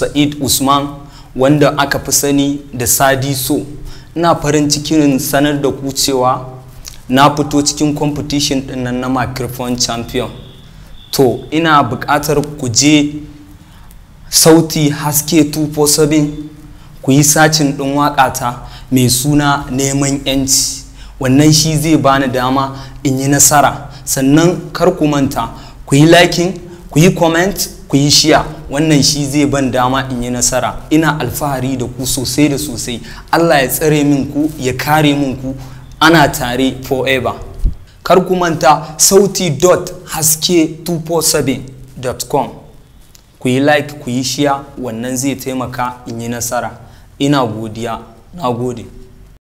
sa'id usman wanda aka fi sani da sadi so ina farin cikin sanar da ku cewa na fito cikin competition din nan na microphone champion to ina buƙatar ku je sauti haske 247 ku yi sacin ɗin waƙata mai suna neman yanci wannan shi zai bani dama in yi nasara sannan kar ku manta ku yi liking ku yi comment ku yi share wannan shi zai ban dama in yi nasara ina alfahari da ku sosai da sosai Allah ya tsare min ku ya kare min ku ana tare forever kar ku manta dot sauti.haske247.com ku yi like ku yi shiya wannan zai taimaka in yi nasara ina godiya na gode